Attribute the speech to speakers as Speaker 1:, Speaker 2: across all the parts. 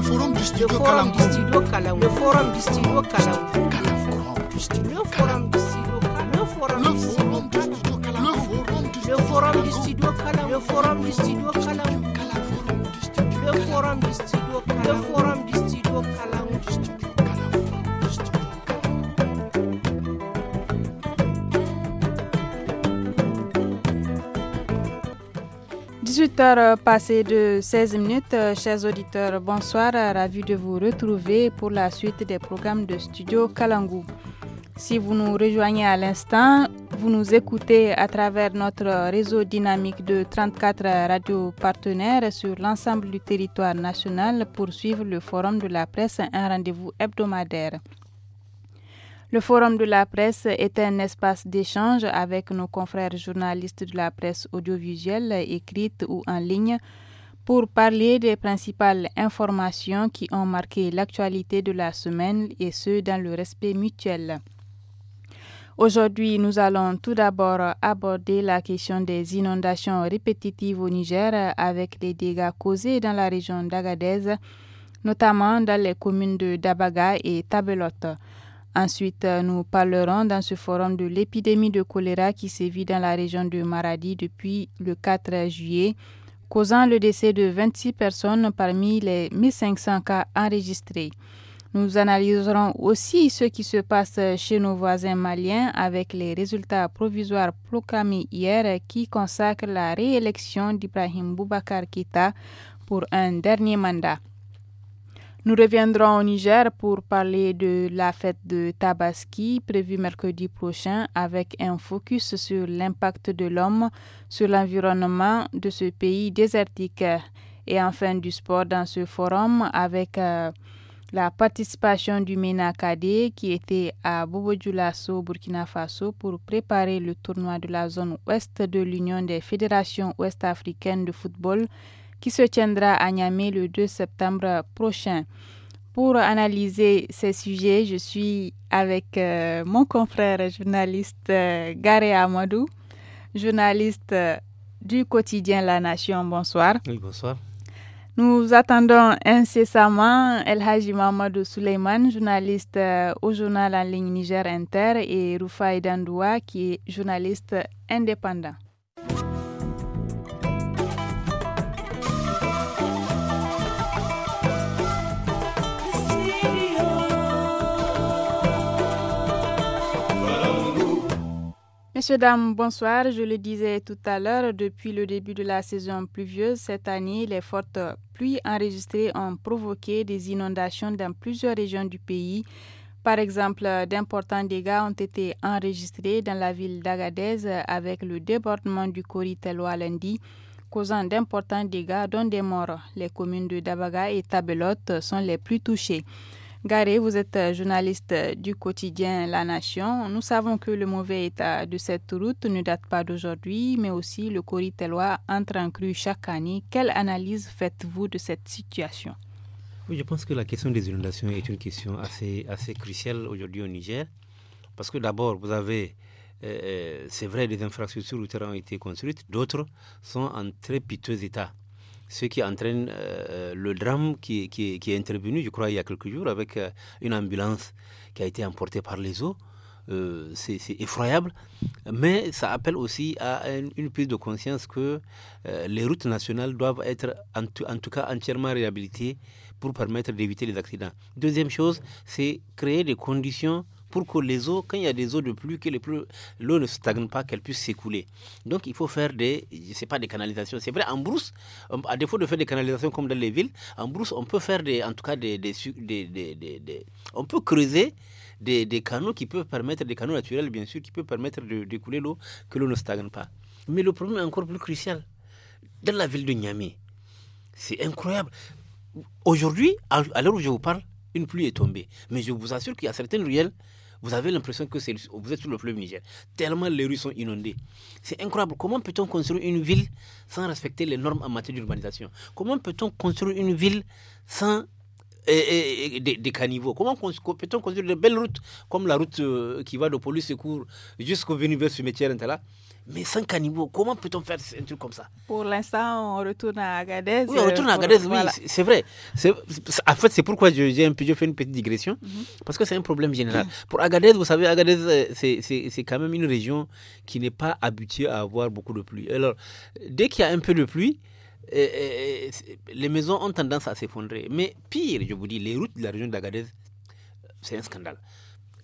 Speaker 1: le forum du studio Calam. Le forum du studio Calam. Le forum du studio Calam. Le forum du studio Calam.
Speaker 2: Le forum du
Speaker 1: studio Calam. Le forum du studio Calam. Le forum du studio Calam. Le forum du studio Calam. Le forum du studio Calam.
Speaker 3: heures euh, de 16 minutes, euh, chers auditeurs, bonsoir, euh, ravi de vous retrouver pour la suite des programmes de Studio Kalangu. Si vous nous rejoignez à l'instant, vous nous écoutez à travers notre réseau dynamique de 34 radios partenaires sur l'ensemble du territoire national pour suivre le Forum de la presse, un rendez-vous hebdomadaire. Le Forum de la presse est un espace d'échange avec nos confrères journalistes de la presse audiovisuelle, écrite ou en ligne, pour parler des principales informations qui ont marqué l'actualité de la semaine et ce, dans le respect mutuel. Aujourd'hui, nous allons tout d'abord aborder la question des inondations répétitives au Niger avec les dégâts causés dans la région d'Agadez, notamment dans les communes de Dabaga et Tabelote. Ensuite, euh, nous parlerons dans ce forum de l'épidémie de choléra qui sévit dans la région de Maradi depuis le 4 juillet, causant le décès de 26 personnes parmi les 1500 cas enregistrés. Nous analyserons aussi ce qui se passe chez nos voisins maliens avec les résultats provisoires proclamés hier qui consacrent la réélection d'Ibrahim Boubacar Kita pour un dernier mandat. Nous reviendrons au Niger pour parler de la fête de Tabaski prévue mercredi prochain avec un focus sur l'impact de l'homme sur l'environnement de ce pays désertique et enfin du sport dans ce forum avec euh, la participation du MENA qui était à Bobo-Dioulasso, Burkina Faso, pour préparer le tournoi de la zone ouest de l'Union des fédérations ouest-africaines de football qui se tiendra à Niamey le 2 septembre prochain. Pour analyser ces sujets, je suis avec euh, mon confrère journaliste euh, Gare Amadou, journaliste euh, du quotidien La Nation. Bonsoir. bonsoir. Nous attendons incessamment El Hajim Amadou Suleiman, journaliste au journal en ligne Niger Inter, et Rufai Dandoua, qui est journaliste indépendant. Mesdames, bonsoir. Je le disais tout à l'heure, depuis le début de la saison pluvieuse cette année, les fortes pluies enregistrées ont provoqué des inondations dans plusieurs régions du pays. Par exemple, d'importants dégâts ont été enregistrés dans la ville d'Agadez avec le débordement du à lundi, causant d'importants dégâts dont des morts. Les communes de Dabaga et Tabelote sont les plus touchées. Garé, vous êtes euh, journaliste euh, du quotidien La Nation. Nous savons que le mauvais état de cette route ne date pas d'aujourd'hui, mais aussi le Coritellois entre en crue chaque année. Quelle analyse faites-vous de cette situation
Speaker 1: oui, Je pense que la question des inondations est une question assez, assez cruciale aujourd'hui au Niger, parce que d'abord, vous avez euh, c'est vrai, des infrastructures routières ont été construites, d'autres sont en très piteux état ce qui entraîne euh, euh, le drame qui, est intervenu, je crois, il y a quelques jours, avec euh, une ambulance qui a été emportée par les eaux. c'est effroyable, mais ça appelle aussi à une, prise de conscience que les routes nationales doivent être en en tout cas entièrement réhabilitées pour permettre d'éviter les accidents. Deuxième chose, c'est créer des conditions pour que les eaux, quand il y a des eaux de pluie, que l'eau ne stagne pas, qu'elle puisse s'écouler. Donc il faut faire des, je sais pas, des canalisations. C'est vrai, en brousse, à défaut de faire des canalisations comme dans les villes, en brousse, on peut faire des, en tout cas des, on peut creuser des, canaux qui peuvent permettre, des canaux naturels bien sûr, qui peuvent permettre de d'écouler l'eau, que l'eau ne stagne pas. Mais le problème est encore plus crucial. Dans la ville de Niamey, c'est incroyable. Aujourd'hui, à l'heure où je vous parle, une pluie est tombée. Mais je vous assure qu'il y a certaines ruelles vous avez l'impression que vous êtes sur le fleuve Niger. Tellement les rues sont inondées. C'est incroyable. Comment peut-on construire une ville sans respecter les normes en matière d'urbanisation Comment peut-on construire une ville sans et, des, des, caniveaux. Comment peut-on construire de belles routes comme la route euh, qui va de Police Secours jusqu'au vers ce là mais sans caniveaux, comment peut-on faire un truc comme ça
Speaker 3: Pour l'instant, on retourne à Agadez. Oui, on retourne à euh, Agadez, oui,
Speaker 1: c'est vrai. en fait, c'est pourquoi j'ai un je fais une petite digression, mhm. parce que c'est un problème général. Pour Agadez, vous savez, Agadez, euh, c'est quand même une région qui n'est pas habituée à avoir beaucoup de pluie. Alors, dès qu'il y a un peu de pluie, les maisons ont tendance à s'effondrer. Mais pire, je vous dis, les routes de la région d'Agadez, c'est un scandale.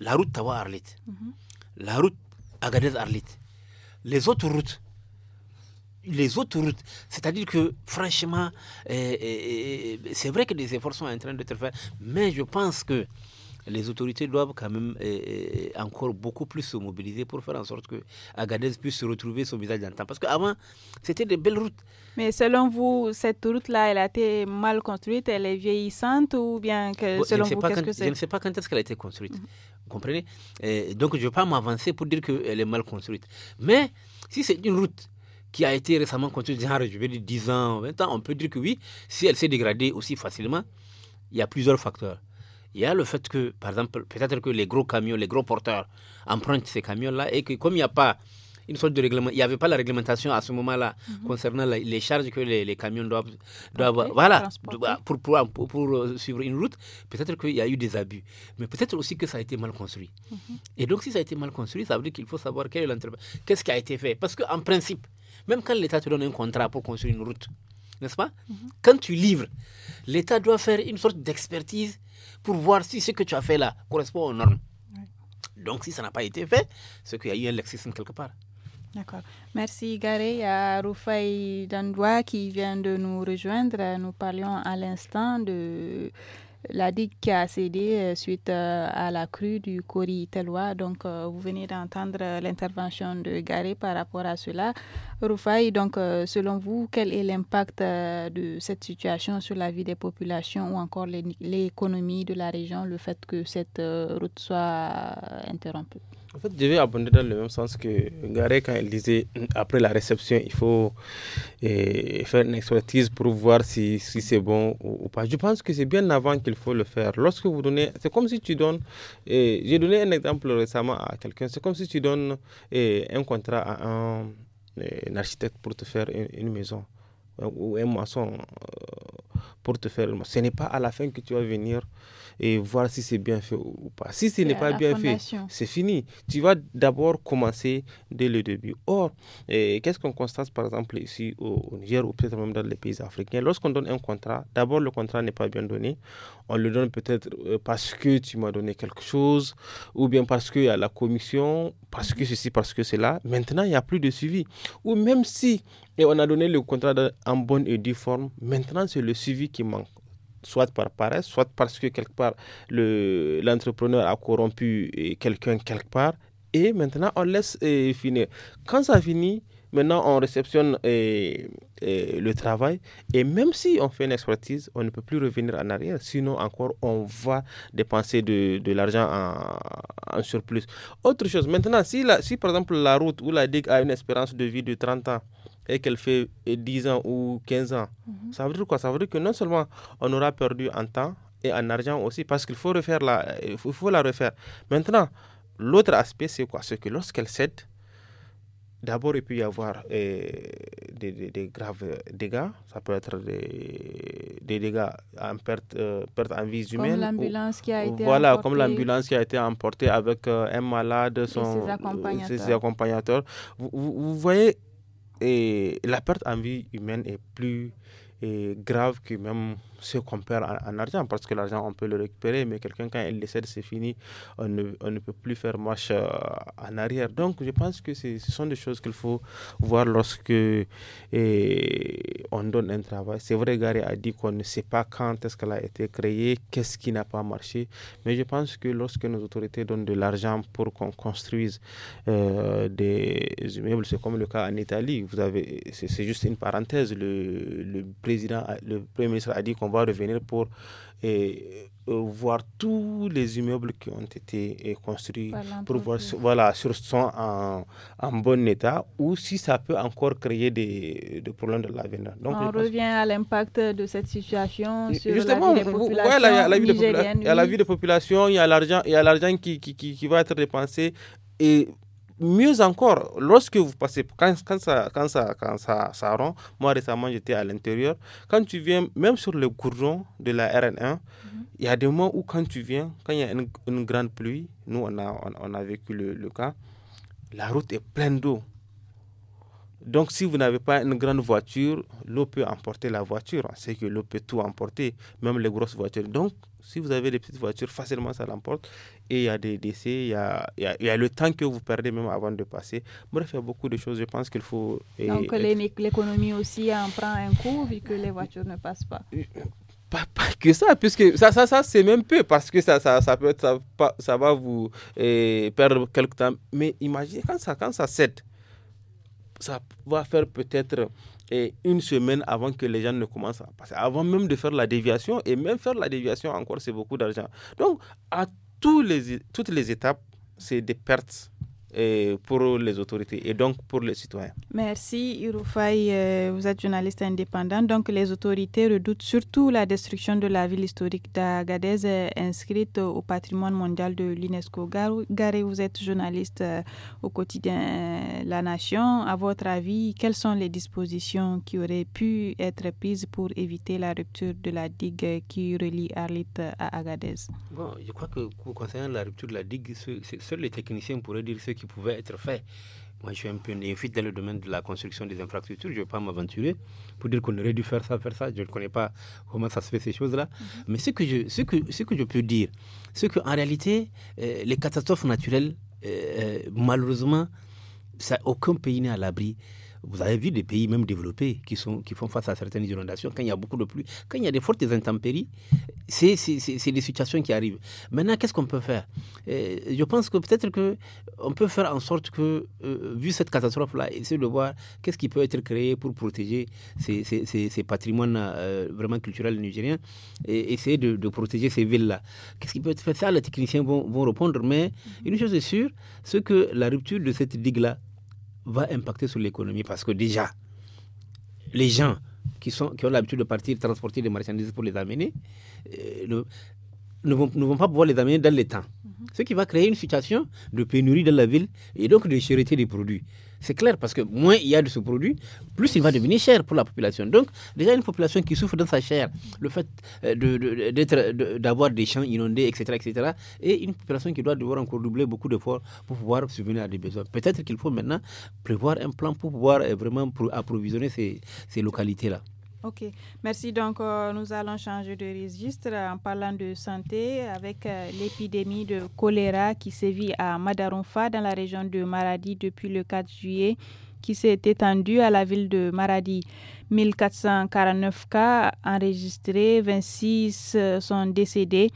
Speaker 1: La route Tawa-Arlit, mhm. la route Agadez-Arlit, les autres routes, les autres routes, c'est-à-dire que franchement, eh, eh, eh, c'est vrai que des efforts sont en train de d'être faits, mais je pense que les autorités doivent quand même euh, euh, encore beaucoup plus se mobiliser pour faire en sorte que Agadez puisse retrouver son visage d'antan. Parce qu'avant, c'était
Speaker 3: de belles routes. Mais selon vous, cette route-là, elle a été mal construite, elle est vieillissante ou bien que, selon vous, qu'est-ce que c'est Je ne sais
Speaker 1: pas quand est-ce qu'elle a été construite. Mhm. Vous comprenez euh, Donc, je ne vais pas m'avancer pour dire qu'elle est mal construite. Mais si c'est une route qui a été récemment construite, je vais dire 10 ans, 20 ans, on peut dire que oui, si elle s'est dégradée aussi facilement, il y a plusieurs facteurs. Il y a le fait que, par exemple, peut-être que les gros camions, les gros porteurs empruntent ces camions-là et que comme il n'y a pas une sorte de règlement, il n'y avait pas la réglementation à ce moment-là mhm. concernant les charges que les, camions doivent, doivent voilà, pour, pour, euh, suivre une route. Peut-être qu'il y a eu des abus, mais peut-être aussi que ça a été mal construit. Mhm. Et donc, si ça a été mal construit, ça veut dire qu'il faut savoir quelle est qu'est-ce qui a été fait. Parce qu'en principe, même quand l'État te donne un contrat pour construire une route, n'est-ce pas mhm. Quand tu livres, l'État doit faire une sorte d'expertise pour voir si ce que tu as fait là correspond aux normes. Donc, si ça n'a pas été fait, c'est qu'il y a eu un lexisme quelque part.
Speaker 3: D'accord. Merci Garé. Il y a Dandoua qui vient de nous rejoindre. Nous parlions à l'instant de la digue qui a cédé euh, suite euh, à la crue du Cori Telois. Donc, euh, vous venez d'entendre l'intervention de Garé par rapport à cela. Rufai, donc, selon vous, quel est l'impact de cette situation sur la vie des populations ou encore l'économie de la région, le fait que cette route soit interrompue?
Speaker 4: En fait, je vais abonder dans le même sens que Garé, quand il disait après la réception, il faut eh, faire une expertise pour voir si, c'est bon ou, pas. Je pense que c'est bien avant qu'il faut le faire. Lorsque vous donnez, c'est comme si tu donnes, eh, j'ai donné un exemple récemment à quelqu'un, c'est comme si tu donnes eh, un contrat à un, architecte pour te faire une, maison ou un moisson. Euh, pour te faire. Ce n'est pas à la fin que tu vas venir et voir si c'est bien fait ou pas. Si ce n'est pas bien fait, c'est fini. Tu vas d'abord commencer dès le début. Or, eh, qu'est-ce qu'on constate par exemple ici au, Niger ou peut-être même dans les pays africains Lorsqu'on donne un contrat, d'abord le contrat n'est pas bien donné. On le donne peut-être euh, parce que tu m'as donné quelque chose ou bien parce qu'il y a la commission, parce que mhm. ceci, parce que cela. Maintenant, il n'y a plus de suivi. Ou même si et on a donné le contrat en bonne et due forme, maintenant c'est le suivi qui manque soit par paresse, soit parce que quelque part l'entrepreneur a corrompu eh, quelqu'un quelque part, et maintenant on laisse eh, finir. Quand ça finit, maintenant on réceptionne eh, le travail, et même si on fait une expertise, on ne peut plus revenir en arrière, sinon encore on va dépenser de, l'argent en, en, surplus. Autre chose, maintenant si, la, si par exemple la route ou la digue a une espérance de vie de 30 ans, et qu'elle fait 10 euh, ans ou 15 ans, mhm. ça veut dire quoi Ça veut dire que non seulement on aura perdu en temps et en argent aussi, parce qu'il faut, refaire la, il faut, la refaire. Maintenant, l'autre aspect, c'est quoi C'est que lorsqu'elle cède, D'abord, il peut y avoir euh, des, des, graves dégâts. Ça peut être des, des dégâts en perte, euh, perte en vie humaine. Comme l'ambulance qui a été Voilà, comme l'ambulance qui a été emportée avec un malade, son, ses accompagnateurs. vous, vous voyez, et la perte en vie humaine est plus grave que même ce qu'on perd en, argent, parce que l'argent, on peut le récupérer, mais quelqu'un, quand il décède, c'est fini, on ne, peut plus faire marche euh, en arrière. Donc, je pense que ce sont des choses qu'il faut voir lorsque on donne un travail. C'est vrai, Gary a dit qu'on ne sait pas quand est-ce qu'elle a été créée, qu'est-ce qui n'a pas marché, mais je pense que lorsque nos autorités donnent de l'argent pour qu'on construise euh, des immeubles, c'est comme le cas en Italie, vous avez, c'est juste une parenthèse, le, président, le premier ministre a dit qu'on on va revenir pour euh, voir tous les immeubles qui ont été euh, construits pour voir si, voilà, sont en, bon état ou si ça peut encore créer des, problèmes de l'avenir. On revient
Speaker 3: à l'impact de cette situation sur la vie des populations il la, a vie la, vie des
Speaker 4: population, il y a l'argent qui, qui, qui va être dépensé et mieux encore, lorsque vous passez, quand, ça, quand, ça, quand ça moi récemment j'étais à l'intérieur, quand tu viens, même sur le gourdon de la RN1, mhm. il y a des moments où quand tu viens, quand il y a une, grande pluie, nous on a, on, a vécu le, le, cas, la route est pleine d'eau. Donc si vous n'avez pas une grande voiture, l'eau peut emporter la voiture. C'est que l'eau peut tout emporter, même les grosses voitures. Donc si vous avez des petites voitures, facilement ça l'emporte. Et il y a des décès, il y a, le temps que vous perdez même avant de passer. Bref, il y a beaucoup de choses, je pense qu'il faut... Donc
Speaker 3: l'économie aussi en prend un coup vu que les voitures ne passent euh,
Speaker 4: pas. Pas, que ça, puisque ça, ça, ça c'est même peu, parce que ça, ça, ça peut être, ça, va vous perdre quelques temps. Mais imaginez quand ça, quand ça cède, ça va faire peut-être et une semaine avant que les gens ne commencent à passer. Avant même de faire la déviation, et même faire la déviation encore, c'est beaucoup d'argent. Donc, à tous les, toutes les étapes, c'est des pertes pour les autorités et donc pour les citoyens.
Speaker 3: Merci Iroufaï, euh, vous êtes journaliste indépendant. Donc les autorités redoutent surtout la destruction de la ville historique d'Agadez euh, inscrite au patrimoine mondial de l'UNESCO. Garé, vous êtes journaliste euh, au quotidien La Nation. À votre avis, quelles sont les dispositions qui auraient pu être prises pour éviter la rupture de la digue qui relie Arlit à Agadez
Speaker 1: Je crois que concernant la rupture de la digue, seuls les techniciens pourraient dire ce qui pouvait être fait. Moi, je suis un peu néophyte dans le domaine de la construction des infrastructures. Je ne vais pas m'aventurer pour dire qu'on aurait dû faire ça, faire ça. Je ne connais pas comment ça se fait, ces choses-là. Mhm. Mais ce que, je, ce, que, ce que je peux dire, c'est qu'en réalité, euh, les catastrophes naturelles, euh, euh, malheureusement, aucun pays n'est à l'abri. Vous avez vu des pays même développés qui, sont, qui font face à certaines inondations, quand il y a beaucoup de pluie, quand il y a des fortes intempéries, c'est des situations qui arrivent. Maintenant, qu'est-ce qu'on peut faire euh, Je pense que peut-être qu'on peut faire en sorte que, euh, vu cette catastrophe-là, essayer de voir qu'est-ce qui peut être créé pour protéger ces, patrimoines euh, vraiment culturels nigériens et essayer de, protéger ces villes-là. Qu'est-ce qui peut être fait Ça, les techniciens vont, vont répondre, mais une chose est sûre, c'est que la rupture de cette digue-là, va impacter sur l'économie parce que déjà, les gens qui, sont, qui ont l'habitude de partir transporter des marchandises pour les amener euh, ne, vont, ne, vont, pas pouvoir les amener dans les temps. Mhm. Ce qui va créer une situation de pénurie dans la ville et donc de chérité des produits. C'est clair, parce que moins il y a de ce produit, plus il va devenir cher pour la population. Donc, déjà, une population qui souffre dans sa chair, le fait euh, d'avoir des champs inondés, etc., etc., et une population qui doit devoir encore doubler beaucoup d'efforts pour pouvoir subvenir à des besoins. Peut-être qu'il faut maintenant prévoir un plan pour pouvoir euh, vraiment approvisionner ces localités-là.
Speaker 3: Ok, merci. Donc, euh, nous allons changer de registre en parlant de santé avec euh, l'épidémie de choléra qui sévit à Madarunfa dans la région de Maradi depuis le 4 juillet qui s'est étendue à la ville de Maradi. 1449 cas enregistrés, 26 euh, sont décédés.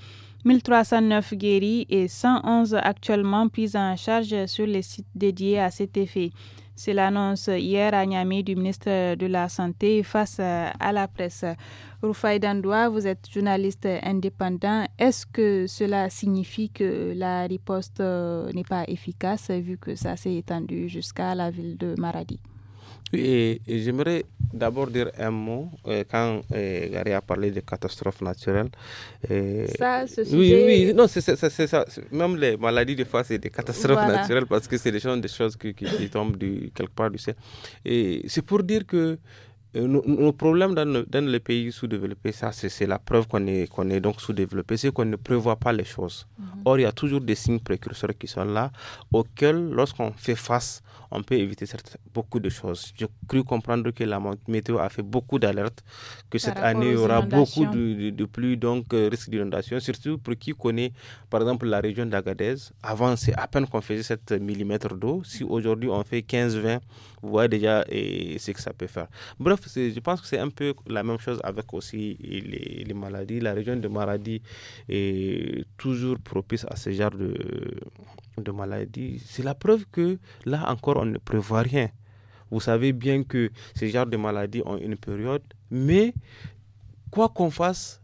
Speaker 3: 1309 guéris et 111 actuellement pris en charge sur les sites dédiés à cet effet. C'est l'annonce hier à Niamey du ministre de la Santé face euh, à la presse. Rufai Dandoua, vous êtes journaliste indépendant. Est-ce que cela signifie que la riposte euh, n'est pas efficace vu que ça s'est étendu jusqu'à la ville de Maradi?
Speaker 4: Oui, et j'aimerais d'abord dire un mot euh, quand euh, Gary a parlé de catastrophes naturelles. ça, c'est ça. Même les maladies, des fois, c'est des catastrophes naturelles parce que c'est des choses, qui, tombent quelque part du ciel. Et c'est pour dire que euh, nos, problème problèmes dans, les pays sous-développés, ça c'est la preuve qu'on est, est donc sous-développé, c'est qu'on ne prévoit pas les choses. Mhm. Or, il y a toujours des signes précurseurs qui sont là, auxquels, lorsqu'on fait face, on peut éviter beaucoup de choses. J'ai cru comprendre que la météo a fait beaucoup d'alertes, que cette année, il y aura beaucoup de, pluie, donc euh, risque d'inondation, surtout pour qui connaît, par exemple, la région d'Agadez. Avant, c'est à peine qu'on faisait 7 mm d'eau. Si aujourd'hui, on fait 15-20 vous voyez déjà et, ce que ça peut faire. Bref, je pense que c'est un peu la même chose avec aussi les, les maladies. La région de maladie est toujours propice à ce genre de, de maladies. C'est la preuve que là encore, on ne prévoit rien. Vous savez bien que ce genre de maladies ont une période, mais quoi qu'on fasse,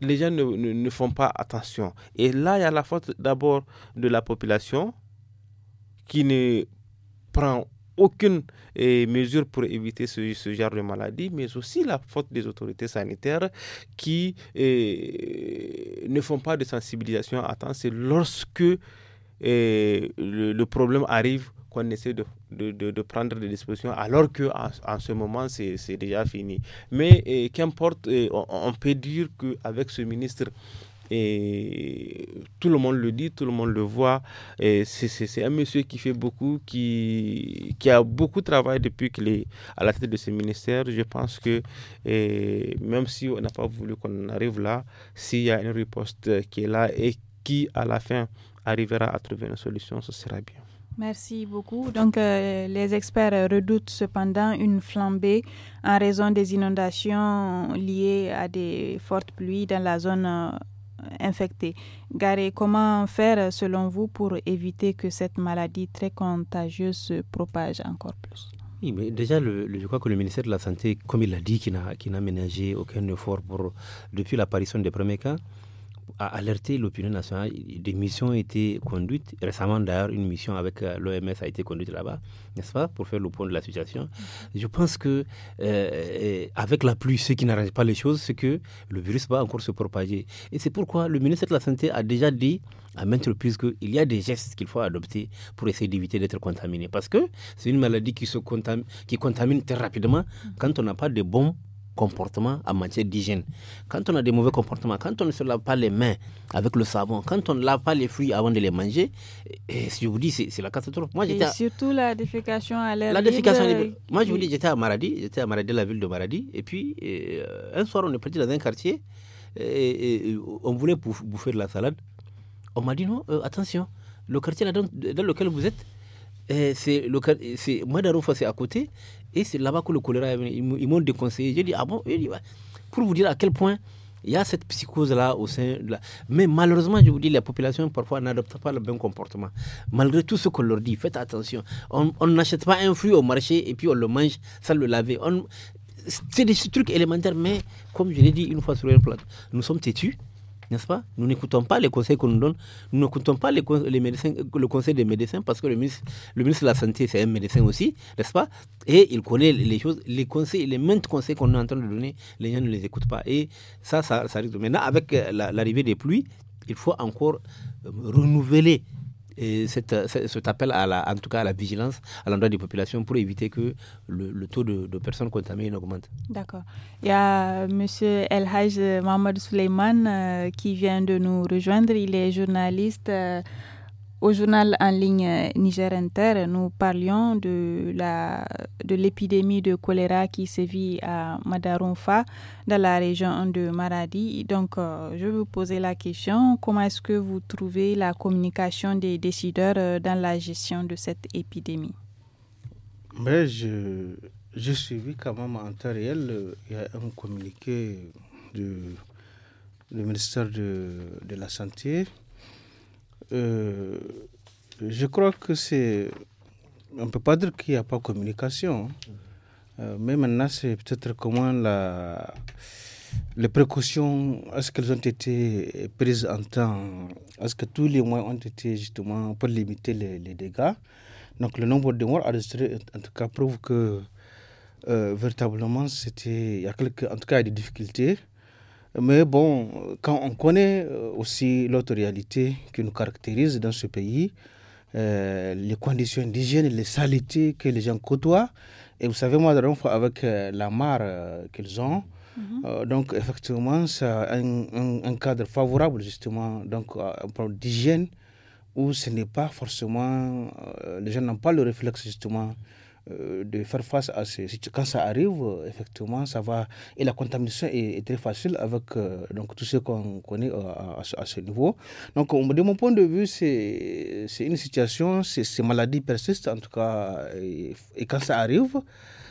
Speaker 4: les gens ne, ne, ne, font pas attention. Et là, il y a la faute d'abord de la population qui ne prend aucune eh, mesure pour éviter ce, genre de maladie, mais aussi la faute des autorités sanitaires qui eh, ne font pas de sensibilisation à temps. C'est lorsque eh, le, problème arrive qu'on essaie de, prendre des dispositions alors que en, ce moment c'est déjà fini. Mais qu'importe, on, on, peut dire qu'avec ce ministre, et tout le monde le dit, tout le monde le voit. C'est un monsieur qui fait beaucoup, qui, qui a beaucoup travaillé depuis qu'il est à la tête de ce ministère. Je pense que et même si on n'a pas voulu qu'on arrive là, s'il y a une riposte qui est là et qui, à la fin, arrivera à trouver une solution, ce sera bien.
Speaker 3: Merci beaucoup. Donc, euh, les experts redoutent cependant une flambée en raison des inondations liées à des fortes pluies dans la zone euh, infectés. Garé, comment faire selon vous pour éviter que cette maladie très contagieuse se propage encore plus
Speaker 1: mais déjà, je crois que le ministère de la Santé, comme il l'a dit, qui n'a ménagé aucun effort pour, depuis l'apparition des premiers cas, a alerté l'opinion nationale. Des missions ont été conduites. Récemment, d'ailleurs, une mission avec euh, l'OMS a été conduite là-bas, n'est-ce pas, pour faire le point de la situation. Je pense que, euh, avec la pluie, ce qui n'arrange pas les choses, c'est que le virus va encore se propager. Et c'est pourquoi le ministre de la Santé a déjà dit à maintes reprises qu'il y a des gestes qu'il faut adopter pour essayer d'éviter d'être contaminé. Parce que c'est une maladie qui, se contamine, qui contamine très rapidement quand on n'a pas de bons comportement en matière d'hygiène. Quand on a des mauvais comportements, quand on ne se lave pas les mains avec le savon, quand on ne lave pas les fruits avant de les manger, et, eh, si eh, je vous dis, c'est la catastrophe. Moi, et
Speaker 3: surtout la défécation à l'air La défécation libre. Moi, je vous dis,
Speaker 1: j'étais à Maradi, j'étais à Maradi, la ville de Maradi, et puis eh, un soir, on est parti dans un quartier, et, on voulait bouffer de la salade. On m'a dit, non, euh, attention, le quartier dans, lequel vous êtes, c'est Madarofa, c'est à côté, et c'est là-bas que le choléra est venu. Ils m'ont déconseillé. J'ai dit, ah bon Pour vous dire à quel point il y a cette psychose-là au sein de la... Mais malheureusement, je vous dis, la population parfois n'adopte pas le bon comportement. Malgré tout ce qu'on leur dit, faites attention. On n'achète pas un fruit au marché et puis on le mange sans le laver. C'est des trucs élémentaires, mais comme je l'ai dit une fois sur une plateau, nous sommes têtus n'est-ce pas Nous n'écoutons pas les conseils qu'on nous donne, nous n'écoutons pas les, le conseil des médecins parce que le ministre, le de la Santé, c'est un médecin aussi, n'est-ce pas Et il connaît les choses, les conseils, les maintes conseils qu'on est en train de donner, les gens ne les écoutent pas. Et ça, ça, arrive. Maintenant, avec euh, l'arrivée des pluies, il faut encore euh, renouveler et cet, appel, à la, en tout cas à la vigilance à l'endroit des populations pour éviter que le, le taux de, personnes contaminées augmente.
Speaker 3: D'accord. Il y a M. Elhaj Mohamed Suleiman euh, qui vient de nous rejoindre. Il est journaliste. Euh, au journal en ligne euh, Niger Inter, nous parlions de la, de l'épidémie de choléra qui sévit à Madaronfa, dans la région de Maradi. Donc, euh, je vais vous poser la question comment est-ce que vous trouvez la communication des décideurs euh, dans la gestion de cette épidémie
Speaker 2: ben, je, je vu quand même en temps réel. Il y a un communiqué du, ministère de, de la Santé euh, je crois que c'est. On ne peut pas dire qu'il n'y a pas de communication, hein. euh, mais maintenant, c'est peut-être comment la, les précautions, est-ce qu'elles ont été prises en temps Est-ce que tous les moyens ont été justement pour limiter les, dégâts Donc, le nombre de morts enregistrés, en tout cas, prouve que euh, véritablement, c'était. Il y a en tout cas, il y a des difficultés. Mais bon, quand on connaît euh, aussi l'autre réalité qui nous caractérise dans ce pays, euh, les conditions d'hygiène, les saletés que les gens côtoient, et vous savez, moi, avec euh, la mare qu'ils ont, mhm. donc, effectivement, c'est un, cadre favorable, justement, donc, un d'hygiène où ce n'est pas forcément. les gens n'ont pas le réflexe, justement, euh, de faire face à ces Quand ça arrive, euh, effectivement, ça va. Et la contamination est, très facile avec euh, donc, tout ce qu'on connaît à, ce niveau. Donc, de mon point de vue, c'est une situation, ces maladies persistent en tout cas. Et, quand ça arrive,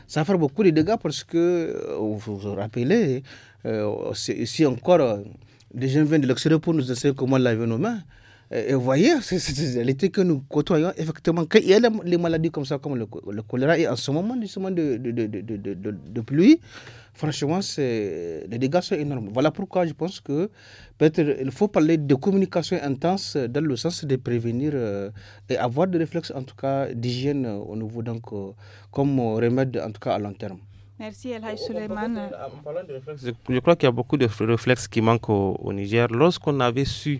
Speaker 2: ça va faire beaucoup de dégâts parce que, vous vous rappelez, ici encore, des gens viennent de l'extérieur pour nous essayer comment laver nos mains. Euh, et vous voyez, c'est l'été que nous côtoyons effectivement. Quand il y a les maladies comme ça, comme le, choléra, et en ce moment, justement, de, de, de, de pluie, franchement, les dégâts sont énormes. Voilà pourquoi je pense que peut-être il faut parler de communication intense dans le sens de prévenir euh, et avoir des réflexes, en tout cas, d'hygiène euh, au niveau, donc, comme remède, en tout cas, à long terme.
Speaker 3: Merci El Haj Suleiman. En parlant de réflexes,
Speaker 4: je crois qu'il y a beaucoup de réflexes qui manquent au Niger. Lorsqu'on avait su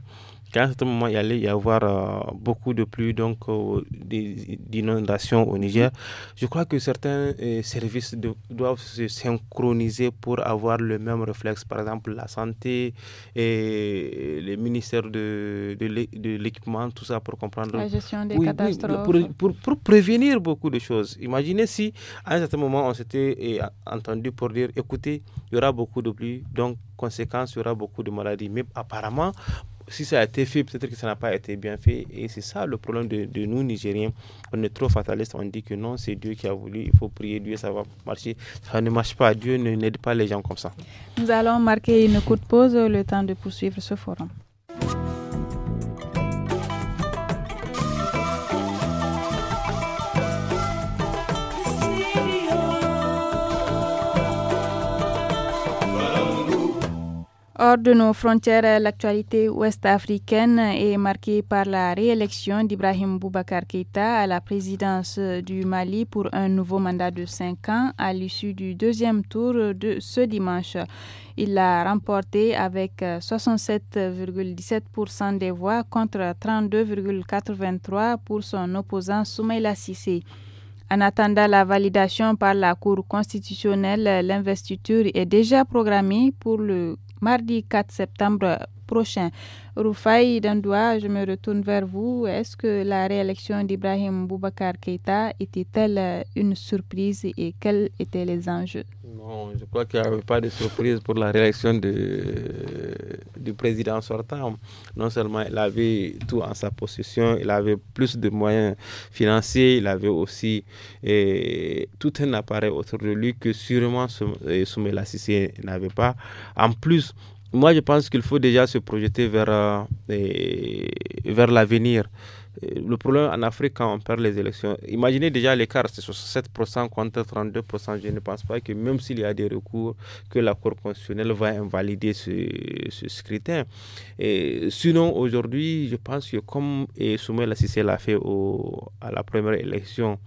Speaker 4: qu'à un certain moment, il y allait y avoir euh, beaucoup de pluie, donc euh, des d'inondations au Niger. Je crois que certains euh, services doivent se synchroniser pour avoir le même réflexe. Par exemple, la santé et les ministères de, de l'équipement, tout ça pour comprendre. La gestion des catastrophes. Oui, pour, pour, pour, prévenir beaucoup de choses. Imaginez si, à un certain moment, on s'était entendu pour dire écoutez, il y aura beaucoup de pluie, donc conséquence, il y aura beaucoup de maladies. Mais apparemment, si ça a été fait, peut-être que ça n'a pas été bien fait. Et c'est ça le problème de, nous, Nigériens. On est trop fatalistes. On dit que non, c'est Dieu qui a voulu. Il faut prier Dieu, ça va marcher. Ça ne marche pas. Dieu n'aide pas les gens comme ça.
Speaker 3: Nous allons marquer une courte pause, le temps de poursuivre ce forum. Hors de nos frontières, l'actualité ouest-africaine est marquée par la réélection d'Ibrahim Boubacar Keïta à la présidence du Mali pour un nouveau mandat de cinq ans à l'issue du deuxième tour de ce dimanche. Il l'a remporté avec 67,17% des voix contre 32,83% pour son opposant Soumaïla Sissé. En attendant la validation par la Cour constitutionnelle, l'investiture est déjà programmée pour le mardi 4 septembre prochain. Roufaï Dandoua, je me retourne vers vous. Est-ce que la réélection d'Ibrahim Boubacar Keïta était-elle une surprise et quels étaient les enjeux Non,
Speaker 4: je crois qu'il n'y avait pas de surprise pour la réélection du président sortant. Non seulement il avait tout en sa possession, il avait plus de moyens financiers, il avait aussi eh, tout un appareil autour de lui que sûrement Soumé eh, Lassissé n'avait pas. En plus, moi, je pense qu'il faut déjà se projeter vers, euh, vers l'avenir. Euh, le problème en Afrique, quand on perd les élections, imaginez déjà l'écart, c'est 67% contre 32%. Je ne pense pas que même s'il y a des recours, que la Cour constitutionnelle va invalider ce, ce scrutin. Et sinon, aujourd'hui, je pense que comme Soumaïla Sissé l'a fait au, à la première élection,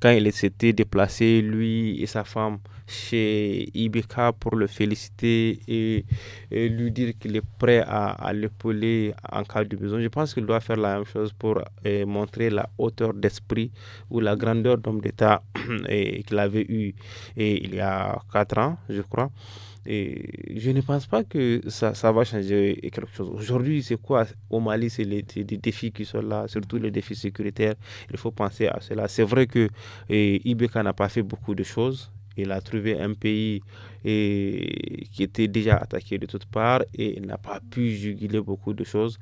Speaker 4: quand il s'était déplacé, lui et sa femme, chez Ibeka pour le féliciter et, lui dire qu'il est prêt à, l'épauler en cas de besoin. Je pense qu'il doit faire la même chose pour eh, montrer la hauteur d'esprit ou la grandeur d'homme d'État eh, qu'il avait eu et eh, il y a quatre ans, je crois. Et je ne pense pas que ça, va changer quelque chose. Aujourd'hui, c'est quoi au Mali C'est les, défis qui sont là, surtout les défis sécuritaires. Il faut penser à cela. C'est vrai que et, Ibeka n'a pas fait beaucoup de choses. Il a trouvé un pays et, qui était déjà attaqué de toutes parts et il n'a pas pu juguler beaucoup de choses.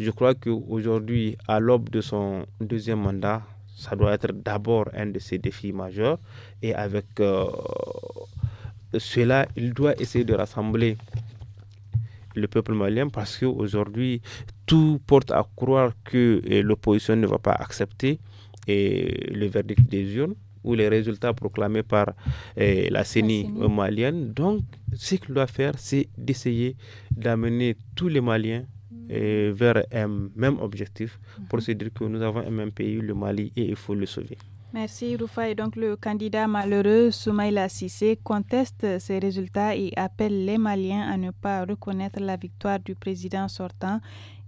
Speaker 4: Je crois qu'aujourd'hui, à l'aube de son deuxième mandat, ça doit être d'abord un de ses défis majeurs et avec euh, cela, il doit essayer de rassembler le peuple malien parce qu'aujourd'hui, tout porte à croire que eh, l'opposition ne va pas accepter eh, le verdict des urnes ou les résultats proclamés par eh, la CENI malienne. Donc, ce qu'il doit faire, c'est d'essayer d'amener tous les Maliens mm. vers un même objectif pour se dire que nous avons un même pays, le Mali, et il faut le sauver.
Speaker 3: Merci Roufa. Et donc le candidat malheureux Soumaïla Sissé conteste ces résultats et appelle les Maliens à ne pas reconnaître la victoire du président sortant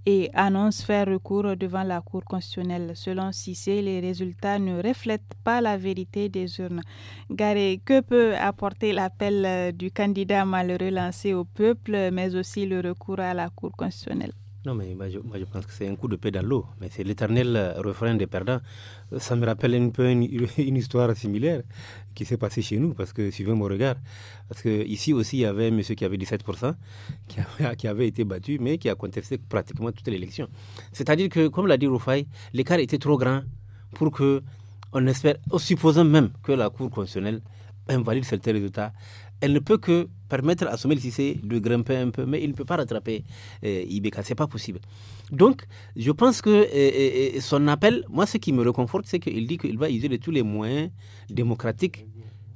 Speaker 3: et annonce faire recours devant la Cour constitutionnelle. Selon Sissé, les résultats ne reflètent pas la vérité des urnes. Garé, que peut apporter l'appel euh, du candidat malheureux lancé au peuple, mais aussi le recours à la Cour constitutionnelle
Speaker 1: non, mais moi je, pense que c'est un coup de paix dans l'eau, mais c'est l'éternel euh, refrain des perdants. Ça me rappelle un peu une, histoire similaire qui s'est passée chez nous, parce que suivez mon regard. Parce que ici aussi, il y avait un monsieur qui avait 17%, qui avait, qui avait été battu, mais qui a contesté pratiquement toute l'élection. C'est-à-dire que, comme l'a dit Roufaï, l'écart était trop grand pour que, on espère, en supposant même que la Cour constitutionnelle invalide certains résultats, elle ne peut que permettre à Somel Sissé de grimper un peu, mais il ne peut pas rattraper euh, Ibeka. Ce n'est pas possible. Donc, je pense que euh, euh, son appel, moi, ce qui me réconforte, c'est qu'il dit qu'il va user de tous les moyens démocratiques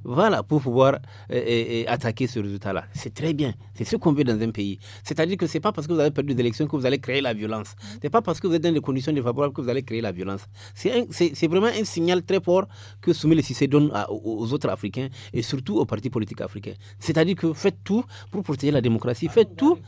Speaker 1: voilà, pour pouvoir euh, attaquer ce résultat-là. C'est très bien. C'est ce qu'on veut dans un pays. C'est-à-dire que ce n'est pas parce que vous avez perdu des élections que vous allez créer la violence. Ce n'est pas parce que vous êtes dans des conditions défavorables que vous allez créer la violence. C'est vraiment un signal très fort que Soumé Sissé donne aux autres Africains et surtout aux partis politiques africains. C'est-à-dire que faites tout pour protéger la démocratie. Faites tout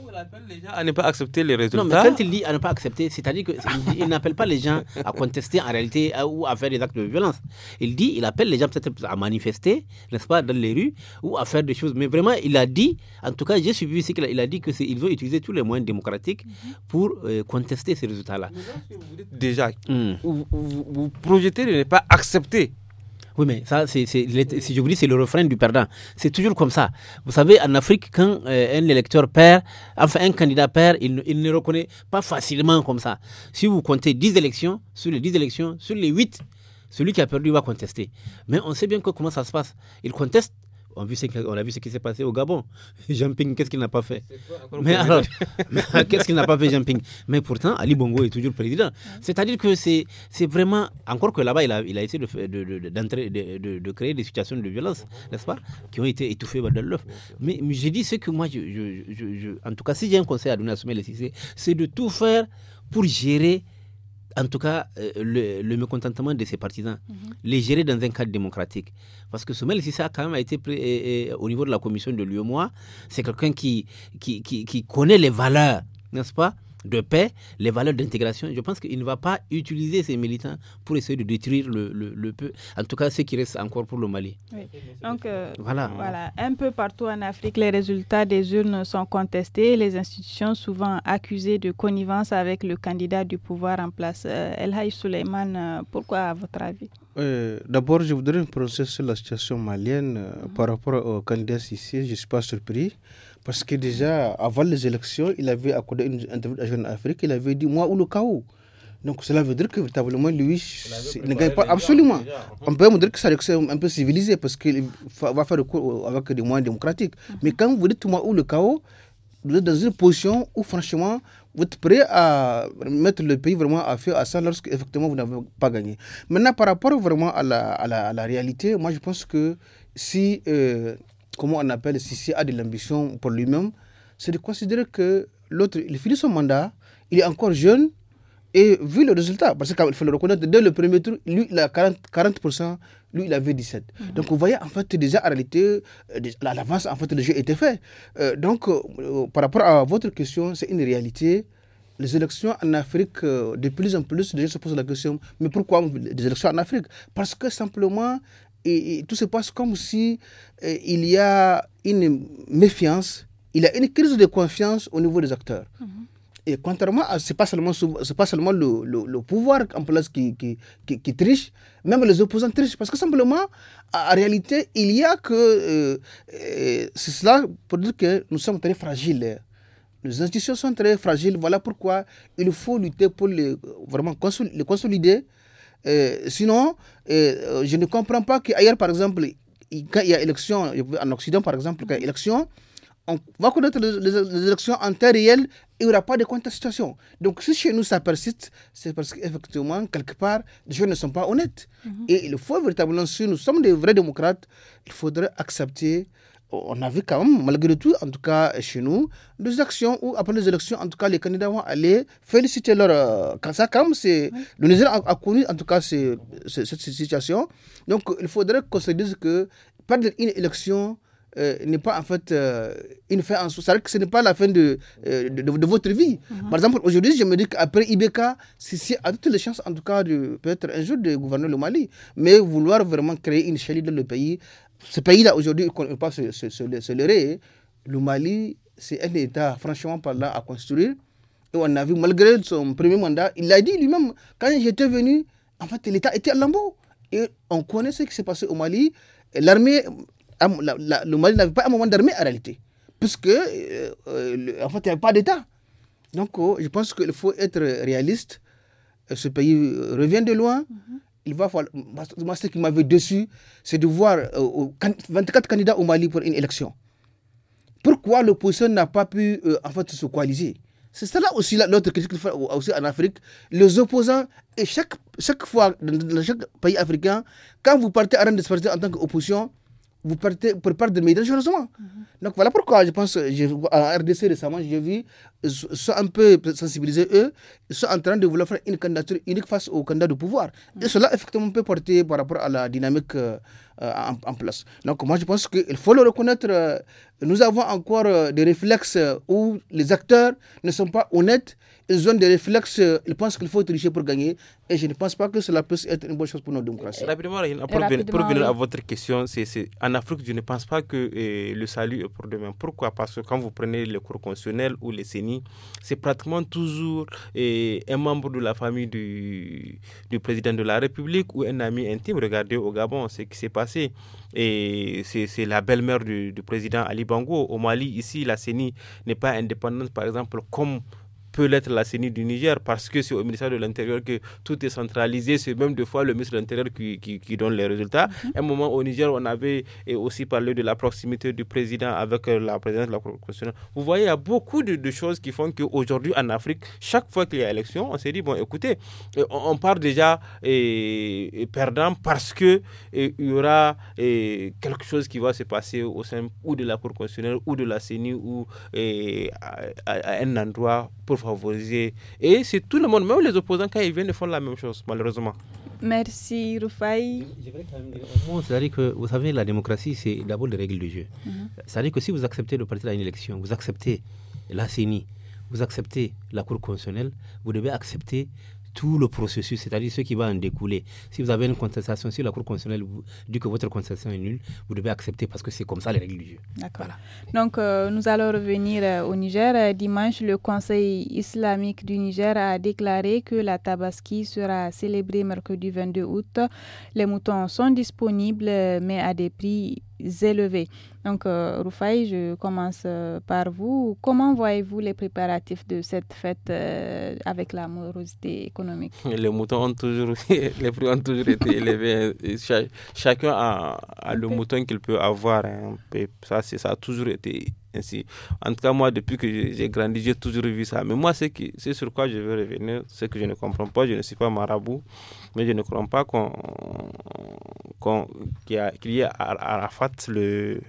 Speaker 4: il appelle les gens à ne pas accepter les résultats. Non, mais quand il
Speaker 1: dit à ne pas accepter, c'est-à-dire qu'il n'appelle pas les gens à contester en réalité ou à faire des actes de violence. Il dit, il appelle les gens peut-être à manifester, n'est-ce pas, dans les rues ou à faire des choses. Mais vraiment, il a dit, en tout cas, j'ai suivi ce qu'il a, il a dit qu'il veut utiliser tous les moyens démocratiques mhm. pour euh, contester ces résultats-là. Déjà, hmm. vous, vous projetez de ne pas accepter oui, mais ça, c'est, si je vous dis, c'est le refrain du perdant. C'est toujours comme ça. Vous savez, en Afrique, quand euh, un électeur perd, enfin un candidat perd, il, il, ne reconnaît pas facilement comme ça. Si vous comptez 10 élections, sur les 10 élections, sur les 8, celui qui a perdu va contester. Mais on sait bien que comment ça se passe. Il conteste, on, a vu ce qui s'est passé au Gabon. Jumping, qu'est-ce qu'il n'a pas fait Mais alors, qu'est-ce qu'il n'a pas fait, Jumping Mais pourtant, Ali Bongo est toujours président. C'est-à-dire que c'est vraiment. Encore que là-bas, il a, il a, essayé de, de, de, de, créer des situations de violence, n'est-ce pas Qui ont été étouffées par l'œuf. Mais, mais j'ai dit ce que moi, je, je, je, en tout cas, si j'ai un conseil à donner à c'est c'est de tout faire pour gérer en tout cas euh, le, mécontentement de ses partisans, mhm. les gérer dans un cadre démocratique. Parce que ça a quand même, a été pris, euh, euh, au niveau de la commission de l'UEMOA, c'est quelqu'un qui, qui, connaît les valeurs, n'est-ce pas, de paix, les valeurs d'intégration. Je pense qu'il ne va pas utiliser ces militants pour essayer de détruire le, le, peu, en tout cas ce qui reste encore pour le Mali.
Speaker 3: Donc euh, voilà. un peu partout en Afrique, les résultats des urnes sont contestés, les institutions souvent accusées de connivence avec le candidat du pouvoir en place. Euh, El Haï Suleiman, euh, pourquoi à votre avis
Speaker 2: euh, d'abord, je voudrais me prononcer sur la situation malienne euh, mhm. par rapport au candidat ici. Je ne suis pas surpris parce que déjà, avant les élections, il avait accordé une interview à Jeune Afrique. Il avait dit Moi ou le chaos. Donc, cela veut dire que véritablement, lui ne gagne pas. Absolument. On peut dire que c'est un peu civilisé parce qu'il va faire recours avec des moyens démocratiques. Mhm. Mais quand vous dites Moi ou le chaos, vous êtes dans une position où, franchement, vous êtes prêt à mettre le pays vraiment à feu à ça lorsque effectivement vous n'avez pas gagné. Maintenant, par rapport vraiment à la, à la, réalité, moi je pense que si, euh, comment on appelle, si c'est a de l'ambition pour lui-même, c'est de considérer que l'autre, il finit son mandat, il est encore jeune, et vu le résultat, parce qu'il faut le reconnaître, dès le premier tour, lui, il a 40%, lui, il avait 17%. Mhm. Donc, vous voyez, en fait, déjà, en réalité, euh, l'avance, en fait, le jeu était fait. Euh, donc, euh, par rapport à votre question, c'est une réalité. Les élections en Afrique, de plus en plus, les gens se posent la question, mais pourquoi des élections en Afrique Parce que simplement, et, tout se passe comme si il y a une méfiance, il y a une crise de confiance au niveau des acteurs. Mhm. Et contrairement à, ce pas seulement, pas seulement le, le, pouvoir en place qui, qui, triche, même les opposants trichent. Parce que simplement, en réalité, il y a que. Euh, euh, c'est cela pour dire que nous sommes très fragiles. Les institutions sont très fragiles. Voilà pourquoi il faut lutter pour les, vraiment les consolider. Euh, sinon, je ne comprends pas qu'ailleurs, par exemple, quand il y a élection, en Occident, par exemple, quand il y a élection, on va connaître les, élections en temps réel il n'y aura pas de contestation. Donc si chez nous ça persiste, c'est parce qu'effectivement, quelque part, les gens ne sont pas honnêtes. Mhm. Et il faut véritablement, si nous sommes des vrais démocrates, il faudrait accepter on a vu quand même, malgré tout, en tout cas chez nous, des actions où, après les élections, en tout cas, les candidats vont aller féliciter leur. Euh, quand ça, quand même, c'est. Le Niger a, connu, en tout cas, cette situation. Donc, il faudrait qu'on se dise que perdre une élection, euh, n'est pas en fait euh, une fin en soi. cest que ce n'est pas la fin de, euh, de, votre vie. Mhm. Par exemple, aujourd'hui, je me dis qu'après IBK, c'est a toutes les chances, en tout cas, de peut-être un jour de gouverner le Mali. Mais vouloir vraiment créer une chalide dans le pays, ce pays-là, aujourd'hui, on ne peut pas se, se, Le Mali, c'est un État, franchement parlant, à construire. Et on a vu, malgré son premier mandat, il l'a dit lui-même, quand j'étais venu, en fait, l'État était à lambeau. Et on connaît ce qui s'est passé au Mali. L'armée le Mali n'avait pas un moment d'armée en réalité, puisque euh, euh, en fait, il n'y avait pas d'État. Donc, oh, je pense qu'il faut être réaliste. Euh, ce pays revient de loin. Mhm. Il va falloir. Moi, ce qui m'avait déçu, c'est de voir 24 candidats au Mali pour une élection. Pourquoi l'opposition n'a pas pu en fait se coaliser C'est ça aussi l'autre critique qu'il faut aussi en Afrique. Les opposants, et chaque, chaque fois dans, chaque pays africain, quand vous partez à rendre en tant qu'opposition, vous partez pour perdre de dangereusement. Mhm. Donc voilà pourquoi je pense, je, à RDC récemment, j'ai vu, sont un peu sensibiliser eux, ils sont en train de vouloir faire une candidature unique face au candidat de pouvoir. Mhm. Et cela, effectivement, peut porter par rapport à la dynamique euh, euh, en, place. Donc moi je pense qu'il faut le reconnaître, euh, nous avons encore euh, des réflexes où les acteurs ne sont pas honnêtes, ils ont des réflexes, ils pensent qu'il faut tricher pour gagner, et je ne pense pas que cela puisse être une bonne chose pour notre démocratie eh, Rapidement,
Speaker 4: pour, revenir à votre question, c'est en Afrique, je ne pense pas que eh, le salut est pour demain. Pourquoi Parce que quand vous prenez le cours constitutionnels ou les CENI, c'est pratiquement toujours eh, un membre de la famille du, du président de la République ou un ami intime. Regardez au Gabon ce qui s'est passé et c'est la belle-mère du, du, président Ali Bango. Au Mali, ici, la CENI n'est pas indépendante, par exemple, comme peut l'être la CENI du Niger, parce que c'est au ministère de l'Intérieur que tout est centralisé. C'est même deux fois le ministre de l'Intérieur qui, qui, donne les résultats. Mhm. un moment, au Niger, on avait aussi parlé de la proximité du président avec euh, la présidence de la Cour constitutionnelle. Vous voyez, il y a beaucoup de, choses qui font qu'aujourd'hui, en Afrique, chaque fois qu'il y a élection, on s'est dit, bon, écoutez, euh, on, part déjà et, perdant parce que il y aura quelque chose qui va se passer au sein ou de la Cour constitutionnelle ou de la CENI ou à, un endroit pour favoriser. Et c'est tout le monde, même les opposants, quand ils viennent, de font la même chose, malheureusement.
Speaker 3: Merci, Rufai.
Speaker 4: cest que, vous savez, la démocratie, c'est d'abord les règles
Speaker 1: du jeu. Mhm. C'est-à-dire que si vous acceptez de partir à une élection, vous acceptez la CENI, vous acceptez la Cour constitutionnelle, vous devez accepter tout le processus, c'est-à-dire ce qui va en découler. Si vous avez une contestation, si la Cour constitutionnelle dit que votre contestation est nulle, vous devez accepter parce que c'est comme
Speaker 3: ça les règles du jeu. Donc, euh, nous allons revenir euh, au Niger. Euh, dimanche, le Conseil islamique du Niger a déclaré que la Tabaski sera célébrée mercredi 22 août. Les moutons sont disponibles, mais à des prix élevés. Donc, euh, Rufai, je commence euh, par vous. Comment voyez-vous les préparatifs de cette fête euh, avec la morosité économique Les
Speaker 4: moutons ont toujours, les ont toujours été élevés. chacun a, le mouton qu'il peut avoir. Hein, ça, ça a toujours été en tout cas, moi, depuis que j'ai grandi, j'ai toujours vu ça. Mais moi, c'est sur quoi je veux revenir, c'est que je ne comprends pas, je ne suis pas marabout, mais je ne comprends pas qu'on qu'il y, ait Arafat le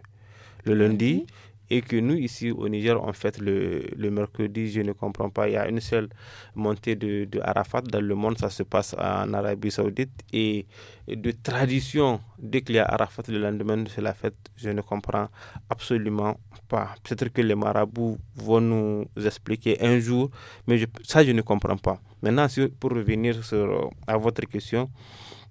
Speaker 4: lundi et que nous, ici au Niger, on fête le, le mercredi, je ne comprends pas. Il y a une seule montée de, de Arafat dans le monde, ça se passe en Arabie Saoudite. Et, de tradition, dès qu'il y a Arafat le lendemain, c'est la fête, je ne comprends absolument pas. Peut-être que les marabouts vont nous expliquer un jour, mais ça, je ne comprends pas. Maintenant, pour revenir sur, euh, à votre question,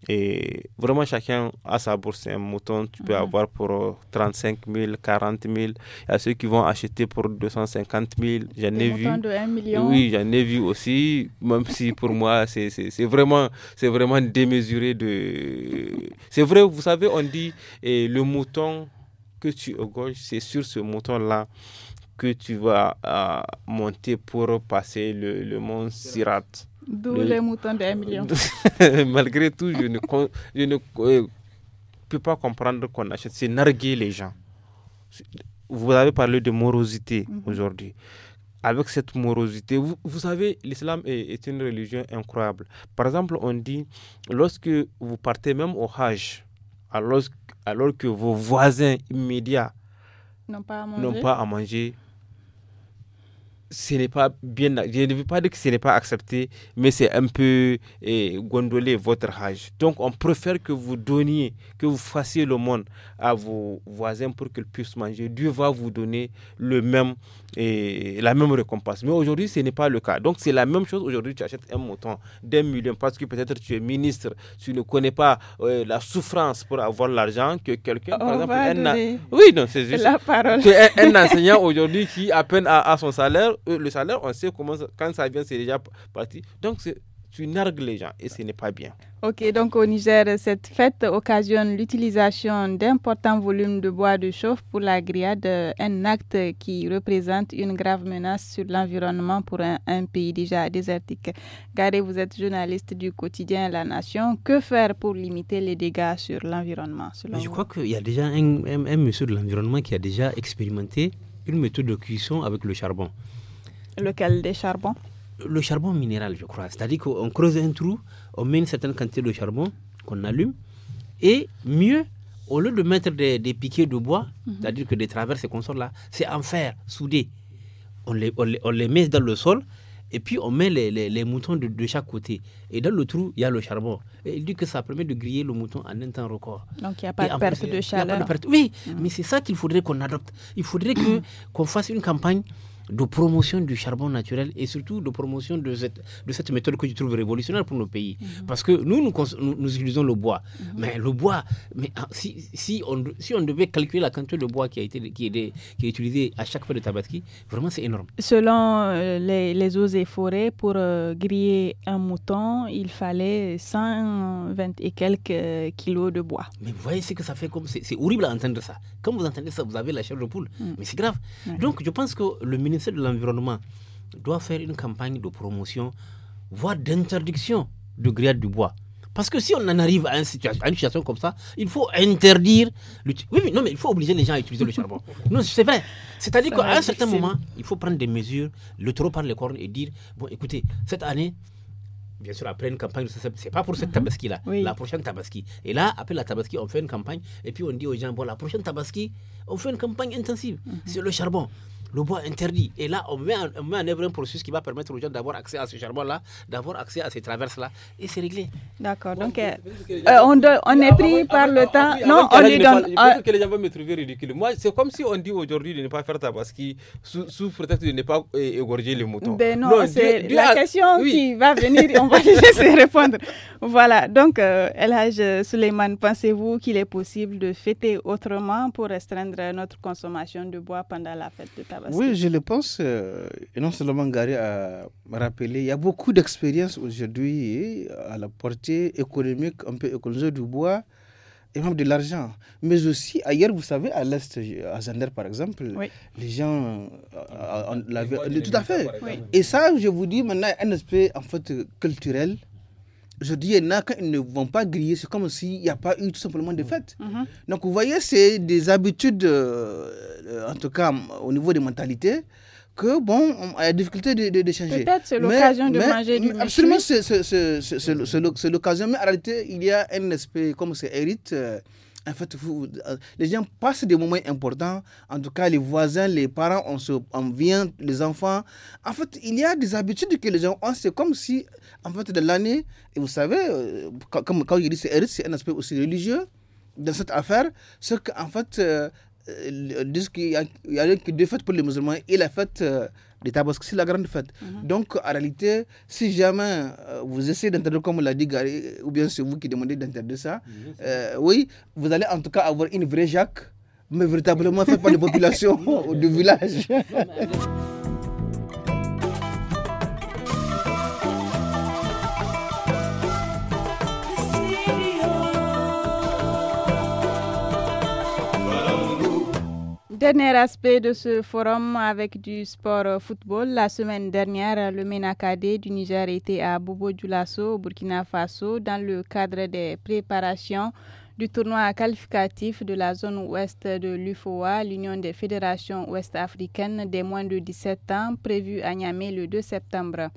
Speaker 4: et vraiment, chacun a sa bourse. Un mouton, tu peux mhm. avoir pour 35 000, 40 000. Il y a ceux qui vont acheter pour 250 000. J'en ai vu. Oui, j'en ai vu aussi. Même si pour moi, c'est vraiment, vraiment démesuré. de. C'est vrai, vous savez, on dit le mouton que tu augoges c'est sur ce mouton-là que tu vas euh, monter pour passer le, le mont Sirat. D'où les moutons d'un Malgré tout, je ne, je ne euh, peux pas comprendre qu'on achète. C'est narguer les gens. Vous avez parlé de morosité mhm. aujourd'hui. Avec cette morosité, vous, vous savez, l'islam est, est, une religion incroyable. Par exemple, on dit, lorsque vous partez même au Hajj, alors, alors que vos voisins immédiats
Speaker 3: n'ont pas à
Speaker 4: manger, ce n'est pas bien. Je ne veux pas dire que ce n'est pas accepté, mais c'est un peu eh, gondoler votre rage. Donc, on préfère que vous donniez, que vous fassiez le monde à vos voisins pour qu'ils puissent manger. Dieu va vous donner le même, et eh, la même récompense. Mais aujourd'hui, ce n'est pas le cas. Donc, c'est la même chose. Aujourd'hui, tu achètes un montant d'un million parce que peut-être tu es ministre, tu ne connais pas eh, la souffrance pour avoir l'argent que quelqu'un, par exemple, un, oui, non, c'est la parole. un, enseignant aujourd'hui qui à peine à a son salaire euh, le salaire, on sait comment, quand ça vient, c'est déjà parti. Donc, tu nargues les gens et ce n'est pas bien.
Speaker 3: Ok, donc au Niger, cette fête occasionne l'utilisation d'importants volumes de bois de chauffe pour la grillade, un acte qui représente une grave menace sur l'environnement pour un, pays déjà désertique. Garé, vous êtes journaliste du quotidien La Nation. Que faire pour limiter les dégâts sur l'environnement Je crois
Speaker 1: qu'il y a déjà un monsieur de l'environnement qui a déjà expérimenté une méthode de cuisson avec le charbon.
Speaker 3: Lequel des charbons
Speaker 1: Le charbon minéral, je crois. C'est-à-dire qu'on creuse un trou, on met une certaine quantité de charbon qu'on allume. Et mieux, au lieu de mettre des, piquets de bois, mhm. c'est-à-dire que des traverses et consorts là, c'est en fer soudé. On les, met dans le sol et puis on met les, moutons de, chaque côté. Et dans le trou, il y a le charbon. Et il dit que ça permet de griller le mouton en un temps record.
Speaker 3: Donc il n'y a, pas de perte de chaleur. Oui,
Speaker 1: ah. mais c'est ça qu'il faudrait qu'on adopte. Il faudrait qu'on fasse une campagne de promotion du charbon naturel et surtout de promotion de cette, de cette méthode que je trouve révolutionnaire pour nos pays. Mhm. Parce que nous, nous, nous, utilisons le bois. Mhm. Mais le bois, mais ah, si, si, on, si on devait calculer la quantité de bois qui a été qui est, qui est utilisée à chaque fois de tabaski, vraiment c'est énorme.
Speaker 3: Selon euh, les, les eaux et forêts, pour euh, griller un mouton, il fallait 120 et quelques euh, kilos de bois.
Speaker 1: Mais vous voyez ce que ça fait comme... C'est horrible à entendre ça. Quand vous entendez ça, vous avez la chair de poule. Mm. Mais c'est grave. Donc je pense que le ministre de l'Environnement doit faire une campagne de promotion, voire d'interdiction de grillade du bois. Parce que si on en arrive à une, situation, comme ça, il faut interdire. Oui, mais non, mais il faut obliger les gens à utiliser le charbon. non, c'est vrai. C'est-à-dire qu'à un certain moment, il faut prendre des mesures, le trop par les cornes et dire bon, écoutez, cette année, bien sûr, après une campagne, c'est pas pour cette uh-huh. tabaski-là, la prochaine tabaski. Et là, après la tabaski, on fait une campagne et puis on dit aux gens bon, la prochaine tabaski, on
Speaker 3: fait une campagne intensive uh-huh.
Speaker 1: sur le charbon le bois interdit. Et là, on met, en, on met œuvre un processus qui va permettre aux gens d'avoir accès à ce charbon-là, d'avoir accès à ces traverses-là, et c'est réglé.
Speaker 3: D'accord. Donc, euh, euh, on, est pris par le temps. non, on lui donne. Je pense
Speaker 4: que les gens vont me trouver ridicule. Moi, c'est comme si on dit aujourd'hui de ne pas faire qu'il souffre peut-être de ne pas euh, égorger les moutons. Ben
Speaker 3: non, c'est la question qui va venir on va les laisser répondre. Voilà. Donc, euh, Elhaj Suleiman, pensez-vous qu'il est possible de fêter autrement pour restreindre notre consommation de bois pendant la fête de tabac? Oui, je
Speaker 2: le pense. Euh, et non seulement Gary a rappelé, il y a beaucoup d'expériences aujourd'hui euh, à la portée économique, un peu écologique du bois et même de l'argent. Mais aussi ailleurs, vous savez, à l'Est, à Zander par exemple, les gens euh, Tout à fait. Et ça, je vous dis, maintenant, un aspect en fait culturel je dis, il y en a, quand ils ne vont pas griller, c'est comme s'il n'y a pas eu tout simplement de mm. fête. Mm-hmm. Donc, vous voyez, c'est des habitudes, euh, en tout cas au niveau des mentalités, que, bon, on a la difficulté de, changer. Peut-être c'est l'occasion de manger du du Absolument, c'est l'occasion. Mais en réalité, il y a un aspect, comme c'est hérite, euh, en fait, euh, les gens passent des moments importants. En tout cas, les voisins, les parents, on se vient, les enfants. En fait, il y a des habitudes que les gens ont. C'est comme si, en fait, de l'année, et vous savez, euh, comme, quand je dis c'est c'est un aspect aussi religieux dans cette affaire. C'est qu'en fait, euh, euh y, a, il y a une pour les musulmans et la fête que c'est la grande fête. Mhm. Donc, en réalité, si jamais euh, vous essayez d'interdire, comme l'a dit Gary, ou bien c'est vous qui demandez d'interdire ça, oui, euh, vous allez en tout cas avoir une vraie jacque mais véritablement fait par les populations du village.
Speaker 3: Dernier aspect de ce forum avec du sport football. La semaine dernière, le Ménacadé du Niger était à Bobo Dioulasso, au Burkina Faso, dans le cadre des préparations du tournoi qualificatif de la zone ouest de l'UFOA, l'Union des fédérations ouest-africaines des moins de 17 ans, prévu à Niamey le 2 septembre.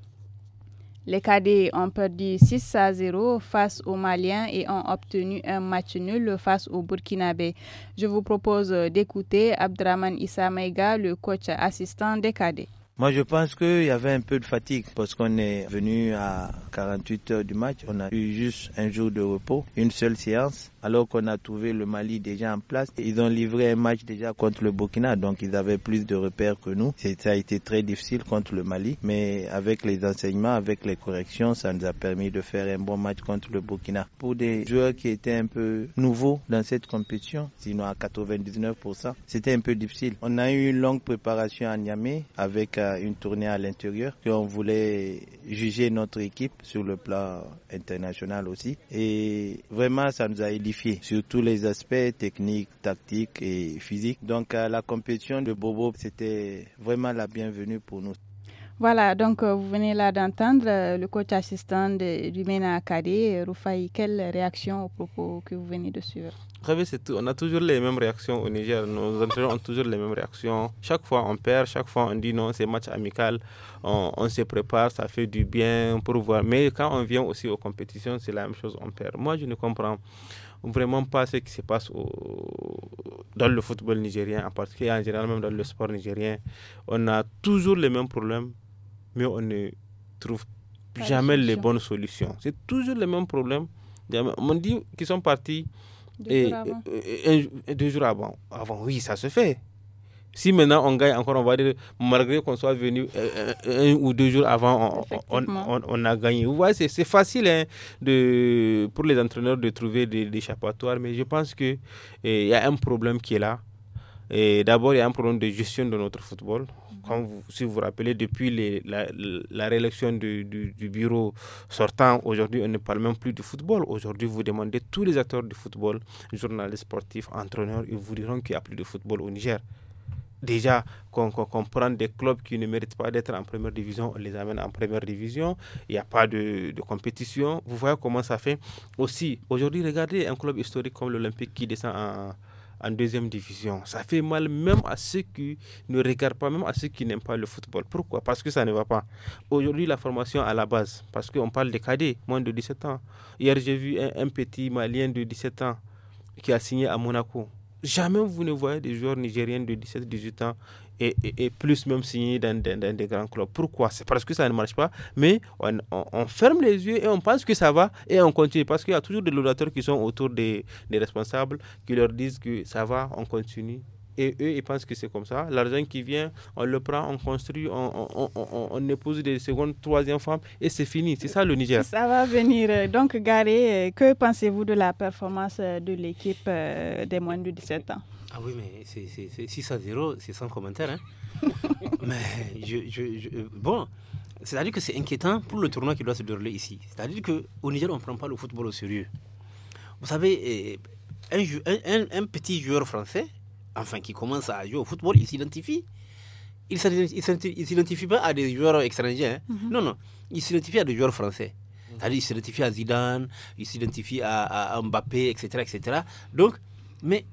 Speaker 3: Les Cadets ont perdu 6 à 0 face aux Maliens et ont obtenu un match nul face aux Burkinabés. Je vous propose d'écouter Abdraman Issa Maïga, le coach assistant des Cadets.
Speaker 4: Moi, je pense qu'il y avait un peu de fatigue parce qu'on est venu à 48 heures du match. On a eu juste un jour de repos, une seule séance, alors qu'on a trouvé le Mali déjà en place. Ils ont livré un match déjà contre le Burkina, donc ils avaient plus de repères que nous. Ça a été très difficile contre le Mali, mais avec les enseignements, avec les corrections, ça nous a permis de faire un bon match contre le Burkina. Pour des joueurs qui étaient un peu nouveaux dans cette compétition, sinon à 99%, c'était un peu difficile. On a eu une longue préparation à Niamey avec euh, une tournée à l'intérieur, on voulait juger notre équipe sur le plan international aussi. Et vraiment, ça nous a édifié sur tous les aspects techniques, tactiques et physiques. Donc, la compétition de Bobo, c'était vraiment la bienvenue pour nous.
Speaker 3: Voilà, donc euh, vous venez là d'entendre euh, le coach assistant du MENA Akadé, euh, Rufai. Quelle réaction au propos que vous venez de suivre
Speaker 4: on a toujours les mêmes réactions au Niger. Nos entraîneurs ont toujours les mêmes réactions. Chaque fois, on perd. Chaque fois, on dit non, c'est match amical. On, on, se prépare, ça fait du bien pour voir. Mais quand on vient aussi aux compétitions, c'est la même chose, on perd. Moi, je ne comprends vraiment pas ce qui se passe dans le football nigérien, en particulier en général, même dans le sport nigérien. On a toujours les mêmes problèmes, mais on ne trouve jamais les bonnes solutions. C'est toujours les mêmes problèmes. On dit qu'ils sont partis et, deux jours avant. Avant, oui, ça se fait. Si maintenant on gagne encore, on va dire, malgré qu'on soit venu euh, euh, un ou deux jours avant, on, a gagné. Vous c'est facile hein, de, pour les entraîneurs de trouver des, échappatoires, mais je pense qu'il eh, il y a un problème qui est là. d'abord, il y a un problème de gestion de notre football. Comme si vous vous rappelez, depuis les, la, réélection du, du, bureau sortant, aujourd'hui, on ne parle même plus de football. Aujourd'hui, vous demandez tous les acteurs du football, journalistes sportifs, entraîneurs, ils vous diront qu'il n'y a plus de football au Niger déjà qu'on qu prend des clubs qui ne méritent pas d'être en première division, on les amène en première division, il n'y a pas de, de, compétition. Vous voyez comment ça fait. Aussi, aujourd'hui, regardez un club historique comme l'Olympique qui descend en, en deuxième division. Ça fait mal même à ceux qui ne regardent pas, même à ceux qui n'aiment pas le football. Pourquoi Parce que ça ne va pas. Aujourd'hui, la formation à la base, parce qu'on parle des cadets, moins de 17 ans. Hier, j'ai vu un, petit Malien de 17 ans qui a signé à Monaco. Jamais vous ne voyez des joueurs nigériens de 17-18 ans et, plus même signé dans, des grands clubs. Pourquoi C'est parce que ça ne marche pas, mais on, on, ferme les yeux et on pense que ça va et on continue. Parce qu'il y a toujours des laudateurs qui sont autour des, des responsables qui leur disent que ça va, on continue, et eux, ils pensent que c'est comme ça. L'argent qui vient, on le prend, on construit, on, on, on, on épouse des secondes, troisième femmes et c'est fini. C'est ça le Niger. Ça
Speaker 3: va venir. Donc, Gary, que pensez-vous de la performance de l'équipe euh, des moins de 17 ans
Speaker 4: Ah oui, mais c'est
Speaker 1: 6 à 0, c'est sans commentaire. Hein. mais je, je, bon. C'est-à-dire que c'est inquiétant pour le tournoi qui doit se dérouler ici. C'est-à-dire qu'au Niger, on ne prend pas le football au sérieux. Vous savez, eh, un, un, petit joueur français enfin qui commence à jouer au football, il s'identifie. Il s'identifie pas à des joueurs étrangers. Hein. Mhm. Non, non. Il s'identifie à des joueurs français. C'est-à-dire, il s'identifient à Zidane, il s'identifie à, Mbappé, etc., etc. Donc, mais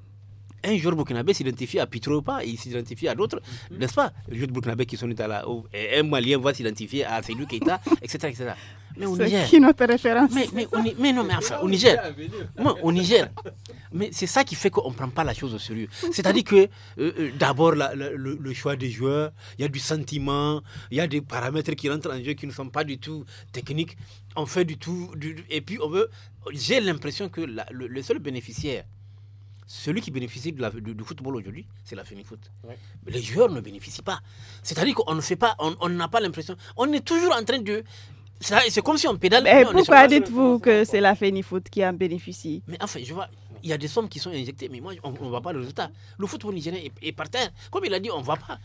Speaker 1: un joueur burkinabé s'identifie à Pitropa, il s'identifie à d'autres, mhm. n'est-ce pas Les joueurs burkinabés qui sont là, un Malien va s'identifier à Seydou Keita, etc., etc.
Speaker 3: Mais au Niger. qui notre référence mais, non, mais enfin, au Niger.
Speaker 1: Moi, au Niger. Mais c'est ça qui fait qu'on ne prend pas la chose au sérieux. C'est-à-dire que euh, euh, d'abord, le, choix des joueurs, il y a du sentiment, il y a des paramètres qui rentrent en jeu qui ne sont pas du tout techniques. On fait du tout. et puis, on veut. J'ai l'impression que le, seul bénéficiaire celui qui bénéficie du, football aujourd'hui, c'est la FemiFoot. Les joueurs ne bénéficient pas. C'est-à-dire qu'on ne fait pas, on n'a pas l'impression. On est toujours en train de c'est comme si on pédale. Mais eh, pourquoi
Speaker 3: dites-vous que c'est la foot qui en bénéficie Mais enfin, je vois, il
Speaker 1: y a des sommes qui sont injectées, mais moi, on ne voit pas le résultat. Le football nigérien est, est, par terre. Comme il a dit, on ne voit pas.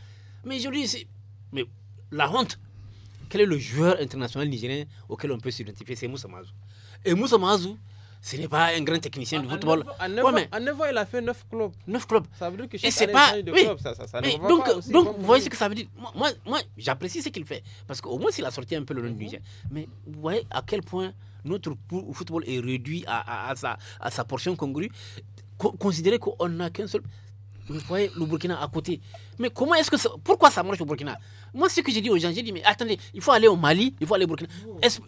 Speaker 1: Mais je lui dis, mais la honte. Quel est le joueur international nigérien auquel on peut s'identifier C'est Moussa Mazou. Et Moussa Mazou, ce n'est pas un grand technicien ah, de football. En 9 ouais, ans, il a fait 9 clubs. 9 clubs. Ça veut dire que chaque année, pas... de oui. club, ça, ça, ça ne donc, pas donc vous voyez ce que ça veut dire Moi, moi j'apprécie ce qu'il fait, parce qu'au moins, il a sorti un peu le nom mhm. Mais vous voyez à quel point notre football est réduit à, sa, portion congrue, Considérez considérer qu'on n'a qu'un seul... Vous voyez le Burkina à côté. Mais comment est-ce que... Pourquoi ça marche au Burkina moi, ce que j'ai dit aux gens, j'ai dit, mais attendez, il faut aller au Mali, il faut aller au Burkina.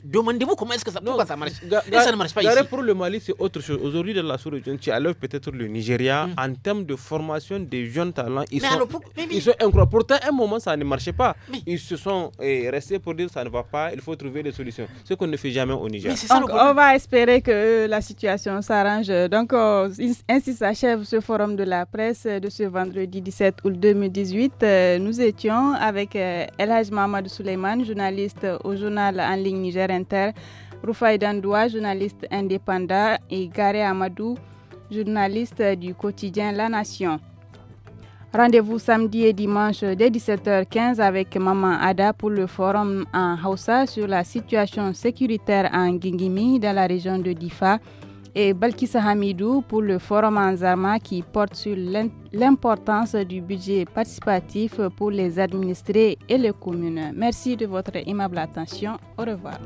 Speaker 1: Demandez-vous comment est-ce que ça, pourquoi ça marche. ça ne marche pas ici.
Speaker 4: Pour le Mali, c'est autre chose. Aujourd'hui, dans la sous-région, tu allèves peut-être le Nigeria. Mm. En termes de formation des jeunes talents, ils, sont, ils sont incroyables. Pourtant, à un moment, ça ne marchait pas. Ils se sont eh, restés pour dire, ça ne va pas, il faut trouver des solutions. Ce qu'on ne fait jamais au Niger. on
Speaker 3: va espérer que euh, la situation s'arrange. Donc, euh, ainsi s'achève ce forum de la presse de ce vendredi 17 août 2018. Euh, nous étions avec... Euh, Elhaj Mamadou Souleyman, journaliste au journal en ligne Niger Inter, Rufai Dandoua, journaliste indépendant, et Garé Amadou, journaliste du quotidien La Nation. Rendez-vous samedi et dimanche dès 17h15 avec Maman Ada pour le forum en Hausa sur la situation sécuritaire en Gingimi dans la région de Difa et Balkissa Hamidou pour le forum Anzarma qui porte sur l'importance du budget participatif pour les administrés et les communes. Merci de votre aimable attention. Au revoir.